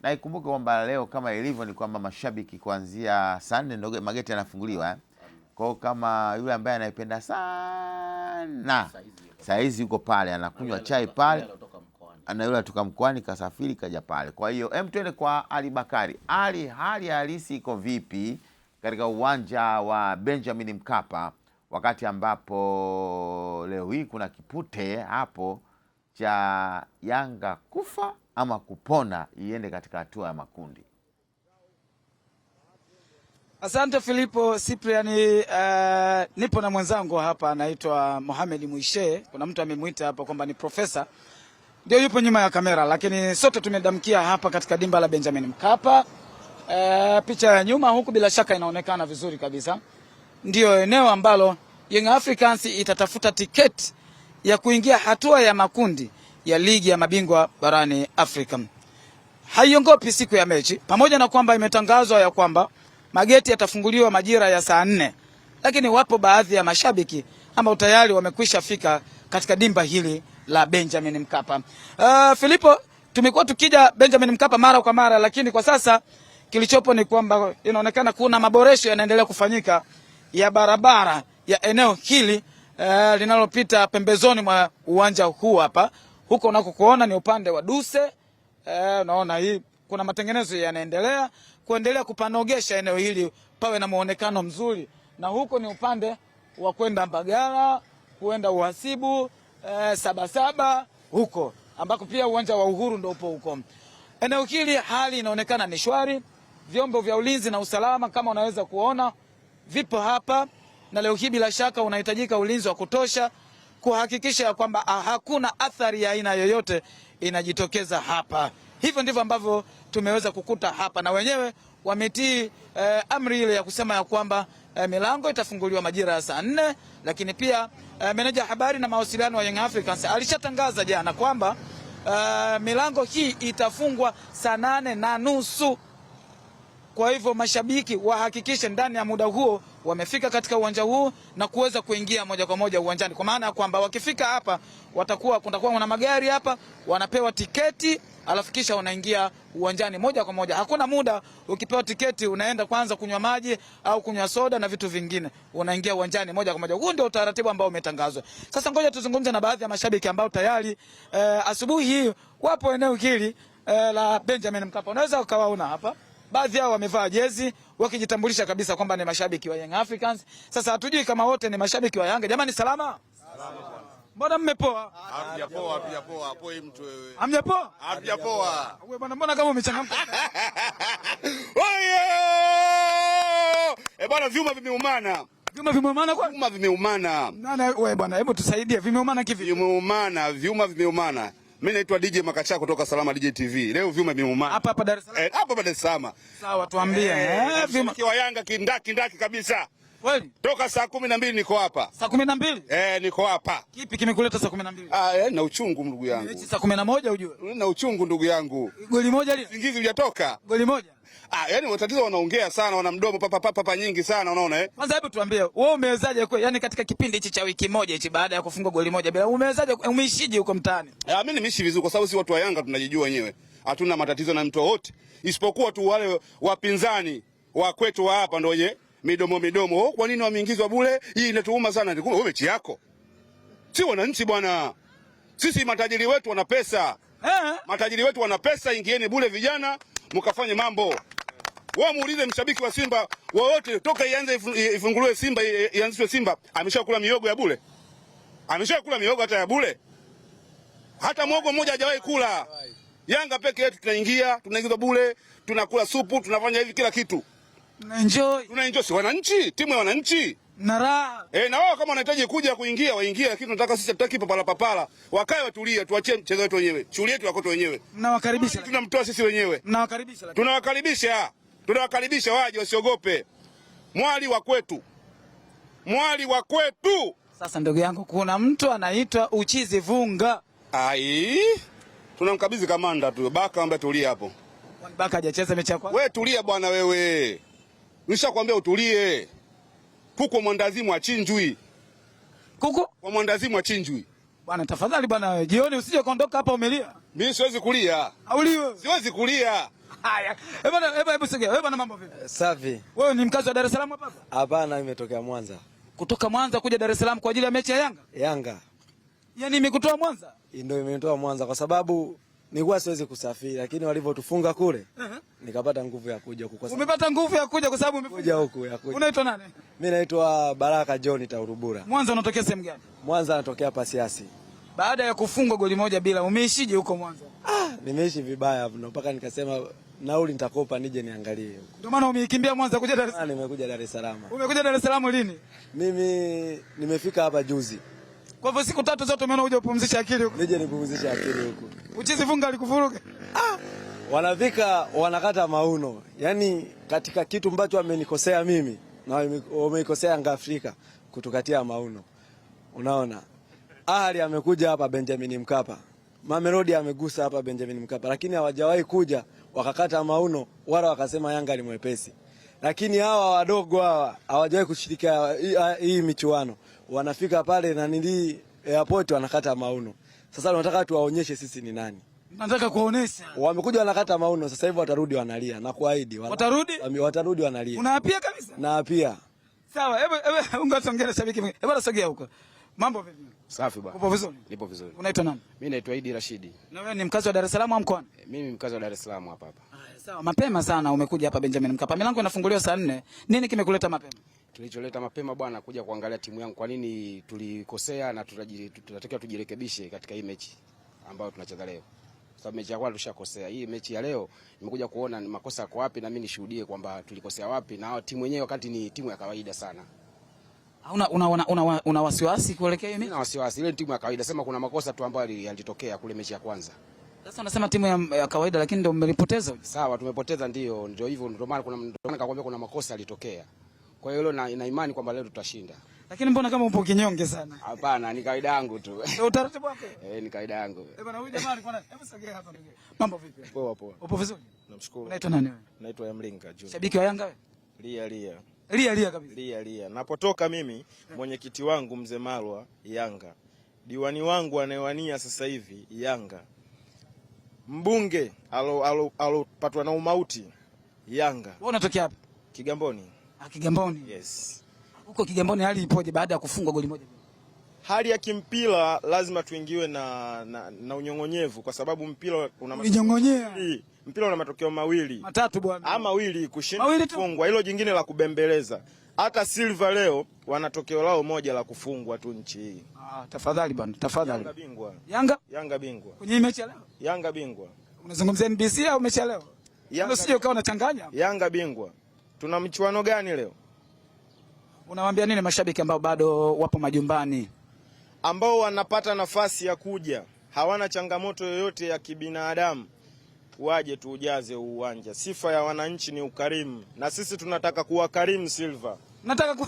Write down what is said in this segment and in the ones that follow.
na ikumbuke kwamba leo kama ilivyo ni kwamba mashabiki kuanzia sande ndo mageti yanafunguliwa eh? Kwao kama yule ambaye anaipenda sana saizi yuko pale anakunywa chai pale, na yule atoka mkoani kasafiri kaja pale. Kwa hiyo hem, twende kwa Ali Bakari. Ali, hali halisi iko vipi katika uwanja wa Benjamin Mkapa wakati ambapo leo hii kuna kipute hapo cha Yanga kufa ama kupona iende katika hatua ya makundi. Asante Filipo Sipriani. Uh, eh, nipo na mwenzangu hapa anaitwa Mohamed Mwishe. Kuna mtu amemwita hapa kwamba ni profesa, ndio yupo nyuma ya kamera, lakini sote tumedamkia hapa katika dimba la Benjamin Mkapa. Uh, picha ya nyuma huku bila shaka inaonekana vizuri kabisa, ndio eneo ambalo Young Africans itatafuta tiketi ya kuingia hatua ya makundi ya ligi ya mabingwa barani Afrika. Haiongopi siku ya mechi, pamoja na kwamba imetangazwa ya kwamba mageti yatafunguliwa majira ya saa nne, lakini wapo baadhi ya mashabiki ambao tayari wamekwisha fika katika dimba hili la Benjamin Mkapa. Uh, Filipo, tumekuwa tukija Benjamin Mkapa mara kwa mara, lakini kwa sasa kilichopo ni kwamba inaonekana kuna maboresho yanaendelea kufanyika ya barabara ya eneo hili uh, linalopita pembezoni mwa uwanja huu hapa huko unakokuona ni upande wa Duse. Eh, unaona hii kuna matengenezo yanaendelea kuendelea kupanogesha eneo hili pawe na muonekano mzuri, na huko ni upande wa kwenda Mbagala kuenda Uhasibu eh, Sabasaba huko ambako pia uwanja wa Uhuru ndio upo huko. Eneo hili hali inaonekana ni shwari. Vyombo vya ulinzi na usalama kama unaweza kuona vipo hapa, na leo hii bila shaka unahitajika ulinzi wa kutosha kuhakikisha ya kwamba ah, hakuna athari ya aina yoyote inajitokeza hapa. Hivyo ndivyo ambavyo tumeweza kukuta hapa, na wenyewe wametii eh, amri ile ya kusema ya kwamba eh, milango itafunguliwa majira ya saa nne, lakini pia eh, meneja habari na mawasiliano wa Young Africans alishatangaza jana kwamba eh, milango hii itafungwa saa nane na nusu kwa hivyo mashabiki wahakikishe ndani ya muda huo wamefika katika uwanja huu na kuweza kuingia moja kwa moja uwanjani, kwa maana ya kwamba wakifika hapa watakuwa kutakuwa kuna magari hapa, wanapewa tiketi alafu kisha wanaingia uwanjani moja kwa moja. Hakuna muda ukipewa tiketi unaenda kwanza kunywa maji au kunywa soda na vitu vingine, unaingia uwanjani moja kwa moja. Huu ndio utaratibu ambao umetangazwa. Sasa ngoja tuzungumze na baadhi ya mashabiki ambao tayari eh, asubuhi hii wapo eneo hili eh, la Benjamin Mkapa. Unaweza ukawaona hapa baadhi yao wamevaa jezi wakijitambulisha kabisa kwamba ni mashabiki wa Young Africans. Sasa hatujui kama wote ni mashabiki wa Yanga. Jamani, salama, salama. Mbona mmepoa? Hamjapoa, hatujapoa. Poa mtu wewe. Hamjapoa? Hamjapoa. Wewe bwana, mbona kama umechangamka? Oye! E bwana vyuma vimeumana. Vyuma vimeumana kwa? Vyuma vimeumana. Nana wewe bwana, hebu tusaidie. Vimeumana kivipi? Vimeumana, vyuma vimeumana. Mimi naitwa DJ Makacha kutoka Salama DJ TV. Leo vyuma vimeuma. Hapa hapa Dar es Salaam. Eh, hapa hapa Dar es Salaam. Sawa, tuambie. Eh, eh vyuma kwa Yanga kindaki ndaki kabisa. Kweli? Toka saa 12 niko hapa. Saa 12? Eh, niko hapa. Kipi kimekuleta saa 12? Ah, eh, na uchungu ndugu yangu. Mechi saa 11 ujue. Na uchungu ndugu yangu. Goli moja lile. Singizi hujatoka. Goli moja. Ah, yani watatizo wanaongea sana, wana mdomo papa papa papa nyingi sana unaona eh? Kwanza hebu tuambie, wewe umewezaje kwa yani katika kipindi hichi cha wiki moja hichi baada ya kufunga goli moja bila umewezaje umeishije huko mtaani? Ah, mimi nimeishi vizuri kwa sababu si watu wa Yanga tunajijua wenyewe. Hatuna matatizo na mtu wote. Isipokuwa tu wale wapinzani wa kwetu wa hapa ndio wenye midomo midomo. Oh, kwa nini wameingizwa bure? Hii inatuuma sana. Wewe mechi yako. Si wananchi bwana. Sisi matajiri wetu wana pesa. Eh. Matajiri wetu wana pesa, ingieni bure vijana mkafanye mambo. Wao muulize mshabiki wa Simba wowote toka ianze ifunguliwe Simba ianzishwe Simba, ameshakula miogo ya bure? Ameshakula miogo hata ya bure? Hata mwogo mmoja hajawahi kula. Yanga peke yetu tunaingia, tunaingiza bure, tunakula supu, tunafanya hivi kila kitu. Tunaenjoy. Tunaenjoy si wananchi, timu ya wananchi. Na raha. Eh, na wao kama wanahitaji kuja kuingia waingia, lakini tunataka sisi tutaki papala papala. Wakae watulie, tuachie mchezo wetu wenyewe. Shughuli yetu yako wenyewe. Mnawakaribisha. Tunamtoa sisi wenyewe. Mnawakaribisha. Tunawakaribisha tunawakaribisha waje, wasiogope. Mwali wa kwetu, mwali wa kwetu. Sasa ndugu yangu, kuna mtu anaitwa uchizi vunga. Ai, tunamkabidhi kamanda tu Baka, ambaye tulia hapo. Baka hajacheza mechi yako. Wewe tulia bwana, wewe nishakwambia utulie. Kuko mwandazimu achinjwi, kuko kwa mwandazimu achinjwi. Bwana tafadhali bwana, jioni usije kuondoka hapa umelia. Mimi siwezi kulia, auliwe, siwezi kulia. Haya. Hebu hebu hebu sogea. Hebu na mambo vipi? Eh, safi. Wewe ni mkazi wa Dar es Salaam hapa? Hapana, nimetokea Mwanza. Kutoka Mwanza kuja Dar es Salaam kwa ajili ya mechi ya Yanga? Yanga. Yaani imekutoa Mwanza? Ndio imenitoa Mwanza kwa sababu nilikuwa siwezi kusafiri lakini walivyotufunga kule uh -huh. Nikapata nguvu ya kuja huku. Umepata nguvu ya kuja kwa sababu umekuja huku ya kuja. Unaitwa nani? Mimi naitwa Baraka John Taurubura. Mwanza unatokea sehemu gani? Mwanza natokea hapa Siasi. Baada ya kufungwa goli moja bila umeishije huko Mwanza? Ah, nimeishi vibaya mno mpaka nikasema nauli nitakopa nije niangalie huko. Ndio maana umeikimbia Mwanza kuja Dar es Salaam? Ah, nimekuja Dar es Salaam. Umekuja Dar es Salaam lini? Mimi nimefika hapa juzi. Kwa hivyo siku tatu zote umeona uje upumzishe akili huko. Nije nipumzishe akili huko. Uchizi funga alikuvuruga. Ah! Wanavika wanakata mauno. Yaani katika kitu ambacho amenikosea mimi na wameikosea Yanga Afrika kutukatia mauno. Unaona? Ahali amekuja hapa Benjamin Mkapa. Mamelodi amegusa hapa Benjamin Mkapa lakini hawajawahi kuja wakakata mauno, wala wakasema Yanga ni mwepesi. Lakini hawa wadogo hawa hawajawahi kushirika hii michuano, wanafika pale na nili airport wanakata mauno. Sasa tunataka tuwaonyeshe sisi ni nani. Nataka kuonesha. Wamekuja wanakata mauno, sasa hivi watarudi wanalia na kuahidi. Watarudi? Watarudi wanalia. Unaapia kabisa? Naapia. Sawa, hebu hebu ungasongea na shabiki. Hebu nasogea huko. Mambo vipi? Safi bwana. Upo vizuri? Nipo vizuri. Unaitwa nani? Mimi naitwa Idi Rashidi. Na wewe ni mkazi wa Dar es Salaam au mkoani? E, mimi mkazi wa Dar es Salaam hapa hapa. Ah, sawa. Mapema sana umekuja hapa Benjamin Mkapa. Milango inafunguliwa saa nne. Nini kimekuleta mapema? Kilicholeta mapema bwana, kuja kuangalia timu yangu kwa nini tulikosea na tunatakiwa tujirekebishe katika hii mechi ambayo tunacheza leo. Sababu mechi ya kwanza tulishakosea. Hii mechi ya leo nimekuja kuona ni makosa yako wapi na mimi nishuhudie kwamba tulikosea wapi na timu yenyewe wakati ni timu ya kawaida sana. Una, una, una, una, una wasiwasi kuelekea hiyo mechi? Na wasiwasi. Ile timu ya kawaida sema kuna makosa tu ambayo yalitokea kule mechi ya kwanza. Sasa unasema timu ya, ya kawaida lakini ndio mmelipoteza. Sawa, tumepoteza ndio, ndio hivyo ndio maana kuna ndio maana nikakwambia kuna makosa yalitokea. Kwa hiyo leo na imani kwamba leo tutashinda. Lakini mbona kama upo kinyonge sana? Hapana, ni kawaida yangu tu. Ni eh, Utaratibu wako? Eh, ni kawaida yangu. Eh, bwana huyu jamaa alikuwa hebu sogea hapa ndio. Mambo vipi? Poa poa. Upo vizuri? Namshukuru. Naitwa nani wewe? Naitwa Yamlinga Junior. Shabiki wa Yanga wewe? Lia lia. Lia lia kabisa. Lia lia. Napotoka mimi mwenyekiti wangu mzee Malwa Yanga. Diwani wangu anayewania sasa hivi Yanga. Mbunge alopatwa na umauti Yanga. Wewe unatokea wapi? Kigamboni. Ah, Kigamboni. Yes. Huko Kigamboni hali ipoje baada ya kufungwa goli moja? hali ya kimpira lazima tuingiwe na, na, na unyong'onyevu kwa sababu mpira una mpira una matokeo mawili matatu bwana, ama mawili, kushinda kufungwa, hilo jingine la kubembeleza. Hata Silva leo wana tokeo lao moja la kufungwa tu nchi hii. Ah, tafadhali bwana, tafadhali. Yanga bingwa. Yanga? Yanga bingwa. Kwenye mechi leo? Yanga bingwa. Unazungumzia NBC au mechi leo? Yaani Yanga sio ukawa unachanganya? Yanga bingwa. Tuna mchuano gani leo? Unawaambia nini mashabiki ambao bado wapo majumbani? ambao wanapata nafasi ya kuja hawana changamoto yoyote ya kibinadamu, waje tuujaze uwanja. Sifa ya wananchi ni ukarimu, na sisi tunataka kuwakarimu Silva, nataka ku...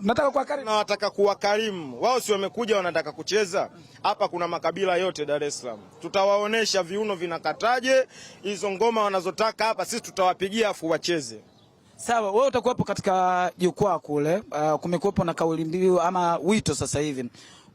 nataka kuwakarimu wao, si wamekuja wanataka kucheza hapa. Kuna makabila yote Dar es Salaam, tutawaonesha viuno vinakataje, hizo ngoma wanazotaka hapa sisi tutawapigia afu wacheze. Sawa, wewe utakuwepo katika jukwaa kule. Uh, kumekuwepo na kauli mbiu ama wito sasa hivi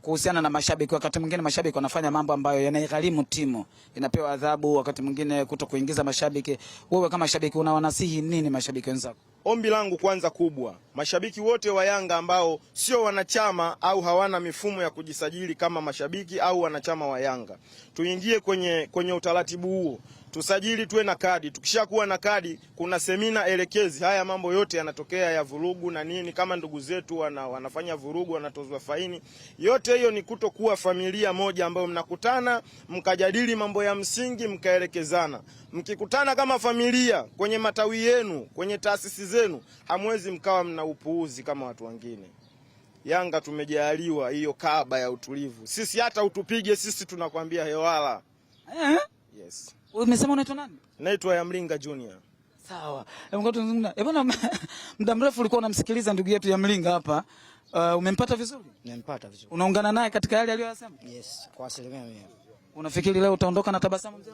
kuhusiana na mashabiki. Wakati mwingine mashabiki wanafanya mambo ambayo yanaigharimu timu, inapewa adhabu, wakati mwingine kuto kuingiza mashabiki. Wewe kama shabiki unawanasihi nini mashabiki wenzako? Ombi langu kwanza kubwa, mashabiki wote wa Yanga ambao sio wanachama au hawana mifumo ya kujisajili kama mashabiki au wanachama wa Yanga, tuingie kwenye, kwenye utaratibu huo tusajili, tuwe na kadi. Tukishakuwa na kadi, kuna semina elekezi. Haya mambo yote yanatokea ya vurugu na nini, kama ndugu zetu wana, wanafanya vurugu wanatozwa faini. Yote hiyo ni kutokuwa familia moja ambayo mnakutana mkajadili mambo ya msingi mkaelekezana. Mkikutana kama familia kwenye matawi yenu, kwenye taasisi zenu, hamwezi mkawa mna upuuzi kama watu wengine. Yanga tumejaliwa hiyo kaba ya utulivu. Sisi hata utupige sisi tunakwambia hewala. Yes. Umesema unaitwa nani? Naitwa Yamlinga Junior. Sawa. Hebu Eh, bwana muda mrefu ulikuwa unamsikiliza ndugu yetu Yamlinga hapa. Uh, umempata vizuri? Nimempata vizuri. Unaungana naye katika yale aliyoyasema? Yes, kwa asilimia mia. Unafikiri leo utaondoka na tabasamu mzee?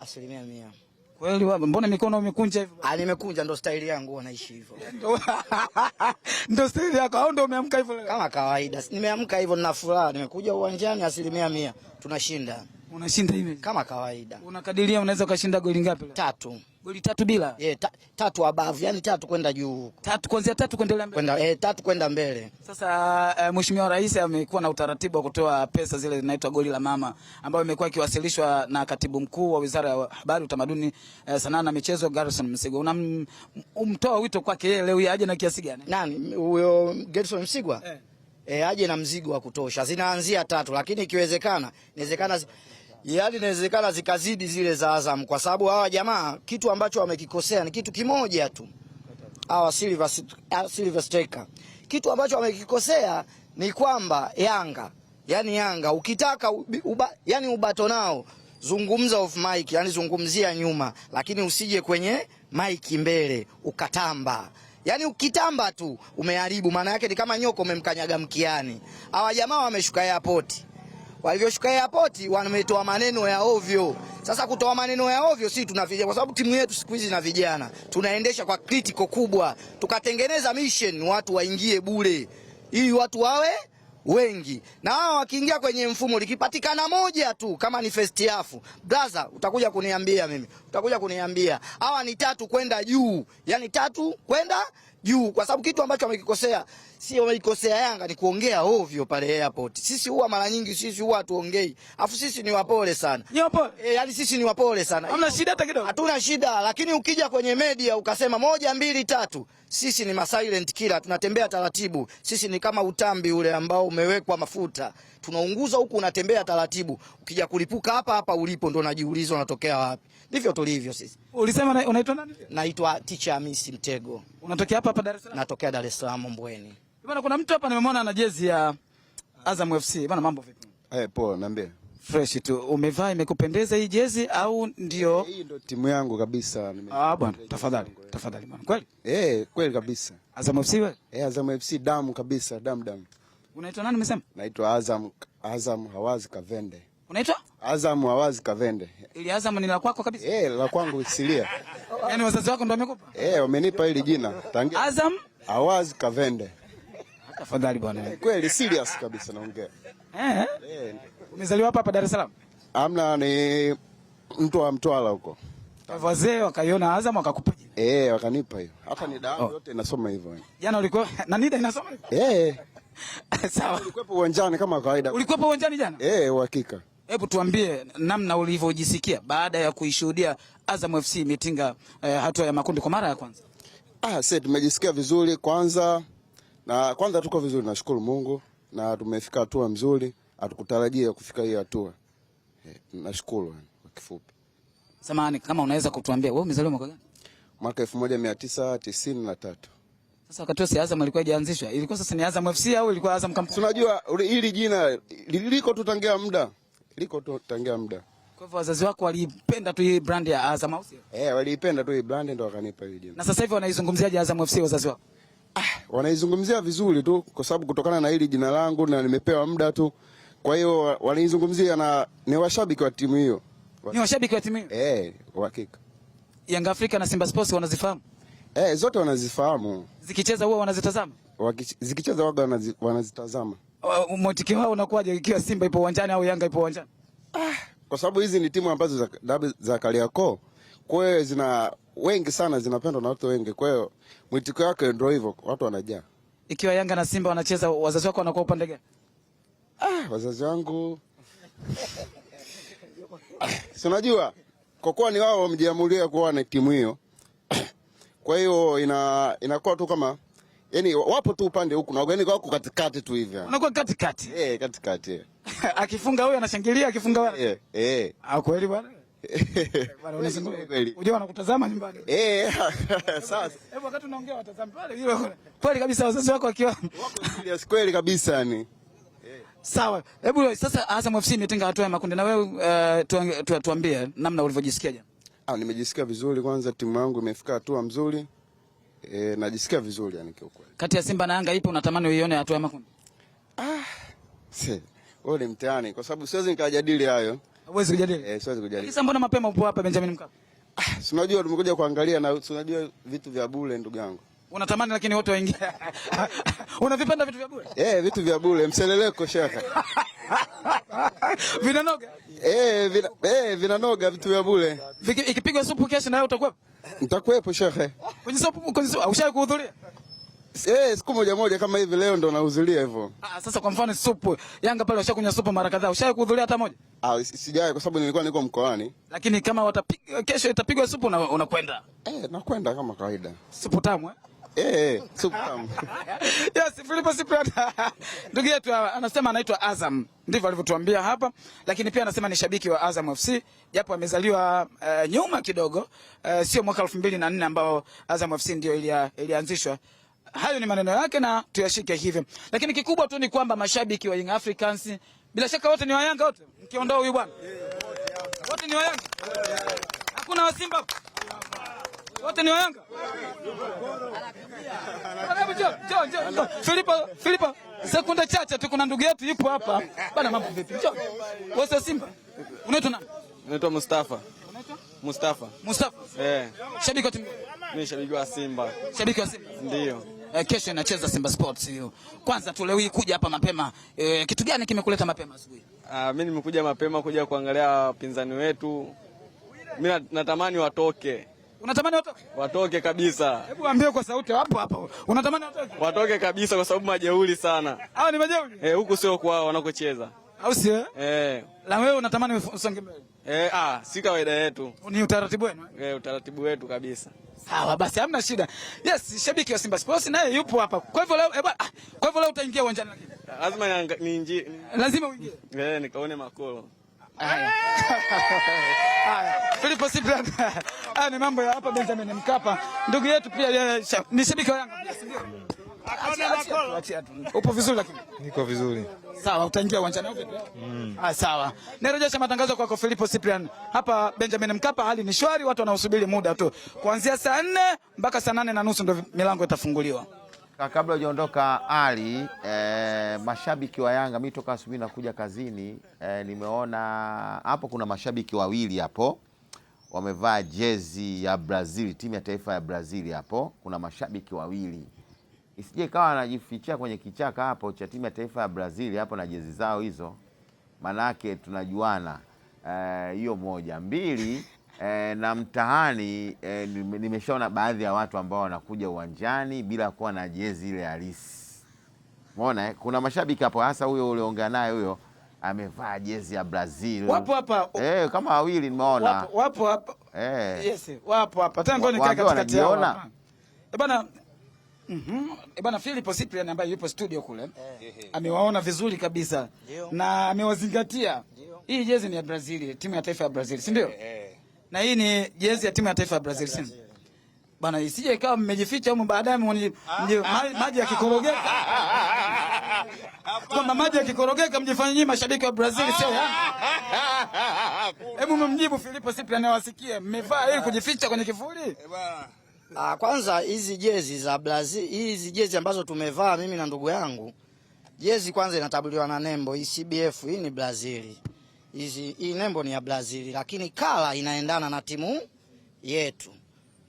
Asilimia mia. Kweli baba, mbona mikono umekunja hivyo? Ah, nimekunja ndo staili yangu naishi hivyo. Ndo staili yako au ndo umeamka hivyo leo? Kama kawaida. Nimeamka hivyo na furaha, nimekuja uwanjani asilimia mia. Tunashinda. Unashinda hivi kama kawaida. Unakadiria unaweza ukashinda goli ngapi Tatu. Goli tatu bila? Yeah, ta, tatu above, yani tatu kwenda juu. Tatu kuanzia tatu kuendelea mbele. Kwenda eh, tatu kwenda mbele. Sasa eh, Mheshimiwa Rais amekuwa na utaratibu wa kutoa pesa zile zinaitwa goli la mama ambayo imekuwa ikiwasilishwa na Katibu Mkuu wa Wizara ya Habari, Utamaduni, eh, Sanaa na Michezo Gerson Msigwa. Unamtoa wito kwake yeye leo aje na kiasi gani? Nani? Huyo Gerson Msigwa? Eh. E, aje na mzigo wa kutosha. Zinaanzia tatu lakini ikiwezekana, inawezekana yaani inawezekana zikazidi zile za Azam, kwa sababu hawa jamaa kitu ambacho wamekikosea ni kitu kimoja tu. Hawa Silver, ah, Silver Striker, kitu ambacho wamekikosea ni kwamba Yanga, yani Yanga ukitaka uba, yani ubato nao zungumza off mic, yani zungumzia nyuma, lakini usije kwenye mic mbele ukatamba. Yani ukitamba tu umeharibu, maana yake ni kama nyoka umemkanyaga mkiani. Hawa jamaa wameshuka airport. Walivyoshuka airport wametoa maneno ya ovyo. Sasa kutoa maneno ya ovyo, si tuna vijana, kwa sababu timu yetu siku hizi na vijana tunaendesha kwa critical kubwa, tukatengeneza mission watu waingie bure ili watu wawe wengi na hao wakiingia kwenye mfumo, likipatikana moja tu kama ni first half, brother, utakuja kuniambia mimi, utakuja kuniambia hawa ni tatu kwenda juu, yani tatu kwenda juu, kwa sababu kitu ambacho wamekikosea si wamekosea Yanga ni kuongea ovyo pale airport. Sisi huwa mara nyingi sisi huwa tuongei. Afu sisi ni wapole sana. Ni wapole. E, eh, yani sisi ni wapole sana. Hamna shida hata kidogo. Hatuna shida, lakini ukija kwenye media ukasema moja mbili tatu, sisi ni silent killer, tunatembea taratibu. Sisi ni kama utambi ule ambao umewekwa mafuta. Tunaunguza huku unatembea taratibu. Ukija kulipuka hapa hapa ulipo ndo unajiuliza unatokea wapi. Ndivyo tulivyo sisi. Ulisema unaitwa nani? Naitwa Teacher Hamisi Mtego. Unatokea hapa hapa Dar es Salaam? Natokea Dar es Salaam Mbweni. Bwana kuna mtu hapa nimemwona na jezi ya Azam FC. Bwana mambo vipi? Eh, poa, niambie. Fresh tu. Umevaa imekupendeza hii jezi au ndio? Eh, hii ndio timu yangu kabisa. Ah bwana, tafadhali. Eh, tafadhali bwana. Kweli? Eh, hey, kweli kabisa. Azam FC wewe? Eh, Azam FC damu kabisa, damu damu. Unaitwa nani umesema? Naitwa Azam Azam Hawazi Kavende. Unaitwa? Azam Hawazi Kavende. Ili Azam ni la kwako kabisa? Eh, hey, la kwangu isilia. Yaani wazazi wako ndio wamekupa? Eh, hey, wamenipa hili jina. Tangia Azam Hawazi Kavende. Afadhali bwana. Eh, kweli serious kabisa naongea. Eh? Eh. Umezaliwa hapa hapa Dar es Salaam? Amna, ni mtu wa Mtwara huko. Wazee wakaiona Azam wakakupa jina. Eh, wakanipa hiyo. Hata ni damu oh. yote inasoma hivyo. Jana ulikuwa na nida inasoma hivyo? Eh. Sawa. Ulikuwepo uwanjani kama kawaida. Ulikuwepo uwanjani jana? Eh, uhakika. Hebu tuambie namna ulivyojisikia baada ya kuishuhudia Azam FC imetinga eh, hatua ya makundi kwa mara ya kwanza. Ah, sasa tumejisikia vizuri kwanza na kwanza tuko vizuri, nashukuru Mungu na tumefika hatua mzuri, hatukutarajia kufika hii hatua. Eh, nashukuru kwa kifupi. Samahani, kama unaweza kutuambia wewe umezaliwa mwaka gani? Mwaka 1993. Sasa wakati si Azam ilikuwa haijaanzishwa. Ilikuwa sasa ni Azam FC au ilikuwa Azam Company? Tunajua hili jina liliko tutangia muda. Liko tutangia muda. Kwa hivyo wazazi wako walipenda tu hii brand ya Azam au sio? Eh, walipenda tu hii brand ndio wakanipa hili jina. Na sasa hivi wanaizungumziaje Azam FC wazazi wako? Ah, wanaizungumzia vizuri tu kwa sababu kutokana na hili jina langu na nimepewa muda tu. Kwa hiyo wanaizungumzia na ni washabiki wa timu hiyo. Ni washabiki wa timu hiyo? Eh, uhakika. Yanga Afrika na Simba Sports wanazifahamu? Eh, zote wanazifahamu. Zikicheza huwa wanazitazama? zikicheza huwa wanazitazama. Mwitikio wao unakuwaje ikiwa Simba ipo uwanjani au Yanga ipo uwanjani? Ah, kwa sababu hizi ni timu ambazo za, za Kariakoo. Kwa hiyo zina wengi sana, zinapendwa na watu wengi. Kwa hiyo mwitiko wake ndio hivyo, watu wanajaa. Ikiwa Yanga na Simba wanacheza, wazazi wako wanakuwa upande gani? Ah, wazazi wangu si unajua, kwa kuwa ni wao wamejiamulia kuwa na timu hiyo kwa hiyo ina inakuwa tu kama yani wapo tu upande huku na wengine wako katikati tu hivi. Unakuwa katikati. Eh, katikati. Akifunga huyo anashangilia, akifunga wewe. Eh. eh. Ah, kweli bwana. Unajua wanakutazama nyumbani. Eh, eh sasa. Hebu wakati unaongea watazame pale. Kweli kabisa wazazi wako wakiwa wako serious kweli kabisa yani. Sawa. Hebu sasa Azam FC imetenga hatua ya makundi na wewe uh, tuambie namna ulivyojisikia jana. Ah, nimejisikia vizuri kwanza timu yangu imefika hatua mzuri. E, najisikia vizuri yani kiukweli. Kati ya Simba na Yanga ipo unatamani uione hatua ya makundi? Ah. Wewe mtaani kwa sababu siwezi nikajadili hayo. Huwezi kujadili. Eh, siwezi kujadili. Kisa mbona mapema upo hapa Benjamin Mkapa? Ah, si unajua tumekuja kuangalia na si unajua vitu vya bure ndugu yangu. Unatamani lakini wote waingie. Unavipenda vitu vya bure? Eh, vitu vya bure, mseleleko shaka. Vinanoga? Eh, vina, eh, vinanoga vitu vya bure. Ikipigwa supu kesho na wewe utakuwa? Nitakuwepo shaka. Kwenye supu kwenye supu ushawahi kuhudhuria? Eh, siku moja moja kama hivi leo ndo nahudhuria hivyo. Ah, sasa kwa mfano supu, Yanga pale washakunywa supu mara kadhaa, ushawahi kuhudhuria hata moja? Ah, sijawahi kwa sababu nilikuwa niko mkoani. Lakini kama watapiga kesho itapigwa supu na unakwenda? Eh, nakwenda kama kawaida. Supu tamu eh? Eh, eh, eh supu tamu. Yes, Filipo Sipriota. Ndugu yetu ah, anasema anaitwa Azam. Ndivyo alivyotuambia hapa, lakini pia anasema ni shabiki wa Azam FC japo amezaliwa uh, nyuma kidogo uh, sio mwaka 2004 ambao Azam FC ndio ilia, ilianzishwa. Hayo ni maneno yake na tuyashike hivyo. Lakini kikubwa tu ni kwamba mashabiki wa Young Africans bila shaka wote ni Wayanga wote, mkiondoa huyu bwana wote ni Wayanga, hakuna wa Simba, wote ni Wayanga. Filipo, Filipo, sekunde chache tu, kuna ndugu yetu yupo hapa bana. Mambo vipi? Njoo wewe, Simba. Unaitwa nani? Unaitwa Mustafa. Unaitwa Mustafa? Mustafa, eh, shabiki wa timu. Mimi shabiki wa Simba. Shabiki wa Simba, ndio eh, kesho inacheza Simba Sports. Kwanza tu leo hii kuja hapa mapema eh, kitu gani kimekuleta mapema asubuhi? Ah, mimi nimekuja mapema kuja kuangalia wapinzani wetu. Mimi natamani watoke. Unatamani watoke? Watoke kabisa. Hebu ambie kwa sauti hapo hapo. Unatamani watoke? Watoke kabisa kwa sababu majeuri sana. Hao ni majeuri? Eh, huku sio kwao wanakocheza au sio? eh? Eh. La wewe unatamani usonge mbele? Eh, ah, si kawaida yetu. Ni utaratibu wenu eh? eh? utaratibu wetu kabisa. Sawa basi hamna shida. Yes, shabiki wa Simba Sports naye yupo hapa. Kwa hivyo leo eh, kwa hivyo leo utaingia uwanjani lakini. Lazima niingie. Lazima uingie. Eh, nikaone makolo. Haya. Eh! Filipo Cyprian. Ah, ni mambo ya hapa Benjamin Mkapa. Ndugu yetu pia ni shabiki wa Yanga, ndio? Upo vizuri lakini? Niko vizuri. Sawa, utaingia uwanjani au vipi? Mm. Ah, sawa. Nirejesha matangazo kwako Filipo Cyprian. Hapa Benjamin Mkapa hali ni shwari, watu wanaosubiri muda tu. Kuanzia saa nne mpaka saa nane na nusu ndio milango itafunguliwa. Kabla hujaondoka Ali, eh, mashabiki wa Yanga mimi toka asubuhi nakuja kazini eh, nimeona hapo kuna mashabiki wawili hapo wamevaa jezi ya Brazil, timu ya taifa ya Brazil. Hapo kuna mashabiki wawili isije kawa anajifichia kwenye kichaka hapo cha timu ya taifa ya Brazil hapo na jezi zao hizo, manake tunajuana eh, hiyo. E, moja mbili. E, na mtahani e, eh, nimeshaona baadhi ya watu ambao wanakuja uwanjani bila kuwa na jezi ile halisi. Umeona, kuna mashabiki hapo, hasa huyo ulioongea naye huyo amevaa jezi ya Brazil. Wapo hapa. Eh, kama wawili nimeona. Wapo hapa. Eh. Yes, wapo hapa. Tangoni kaka katikati yao. Bana Mm Bwana Philip Cyprian ambaye yupo studio kule eh, eh. amewaona vizuri kabisa Jio, na amewazingatia. Hii jezi ni ya Brazil, timu ya taifa ya Brazil, si ndio? Eh, eh. Na hii ni jezi ya timu ya taifa ya Brazil, si ndio? Bwana, isije ikawa mmejificha huko baadaye mwoni mwenye maji yakikorogeka. Kama maji yakikorogeka mjifanye nyinyi mashabiki wa Brazil sio yangu. Ah, ah, ah, Hebu mmjibu Filipo Cyprian awasikie. Mmevaa ili kujificha kwenye kivuli? Eh, bwana. Ah, kwanza hizi jezi za Brazil, hizi jezi ambazo tumevaa mimi na ndugu yangu, jezi kwanza inatabuliwa na nembo hii CBF, hii ni Brazil. Hizi hii nembo ni ya Brazil, lakini kala inaendana na timu yetu.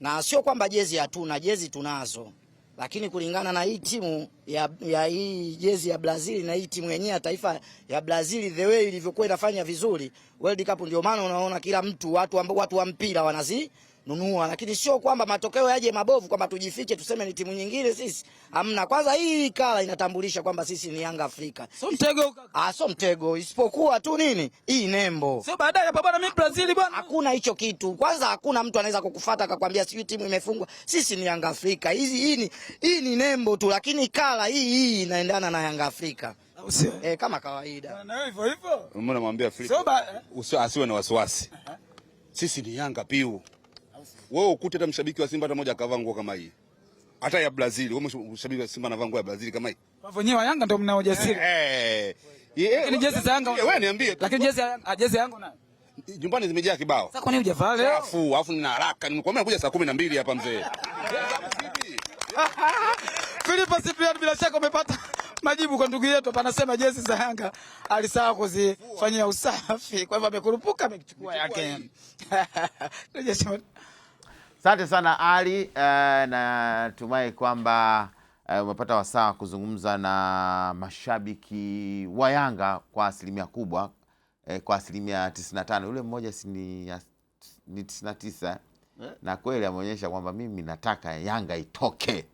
Na sio kwamba jezi hatuna, jezi tunazo. Lakini kulingana na hii timu ya, ya hii jezi ya Brazil na hii timu yenyewe ya taifa ya Brazil the way ilivyokuwa inafanya vizuri World Cup, ndio maana unaona kila mtu watu watu wa mpira wanazi nunua, lakini sio kwamba matokeo yaje mabovu kwamba tujifiche tuseme ni timu nyingine sisi. Hamna, kwanza hii kala inatambulisha kwamba sisi ni Yanga Afrika. Sio mtego. Ah, sio mtego isipokuwa tu nini? Hii nembo. Sio baadaye hapa bwana, mimi Brazil bwana. Hakuna hicho kitu. Kwanza hakuna mtu anaweza kukufuata akakwambia sijui timu imefungwa. Sisi ni Yanga Afrika. Hizi hii ni hii ni nembo tu, lakini kala hii hii inaendana na Yanga Afrika. Eh, kama kawaida. Na hivyo hivyo. Mbona mwambia Afrika? Sio asiwe na wasiwasi. Eh, eh. Sisi ni Yanga piu wewe ukute hata mshabiki wa Simba hata mmoja akavaa nguo kama hii, hata ya Brazil. Wewe mshabiki wa Simba anavaa nguo ya Brazil kama hii, kwa wenyewe wa Yanga ndio mna ujasiri eh? eh. Lakini jezi za Yanga wewe niambie, lakini jezi ya ah, jezi yangu Yanga nayo nyumbani zimejaa kibao. Sasa kwa nini hujavaa leo? Alafu alafu nina haraka, nimekuambia nakuja saa 12 hapa mzee. Filipo Cyprian, bila shaka umepata majibu kwa ndugu yetu hapa, anasema jezi za Yanga alisahau kuzifanyia usafi, kwa hivyo amekurupuka amechukua yake. Rejesha Asante sana Ali. Uh, eh, natumai kwamba uh, umepata wasaa wa kuzungumza na mashabiki wa Yanga kwa asilimia kubwa eh, kwa asilimia 95. Yule mmoja si ni 99 eh? Na kweli ameonyesha kwamba mimi nataka Yanga itoke.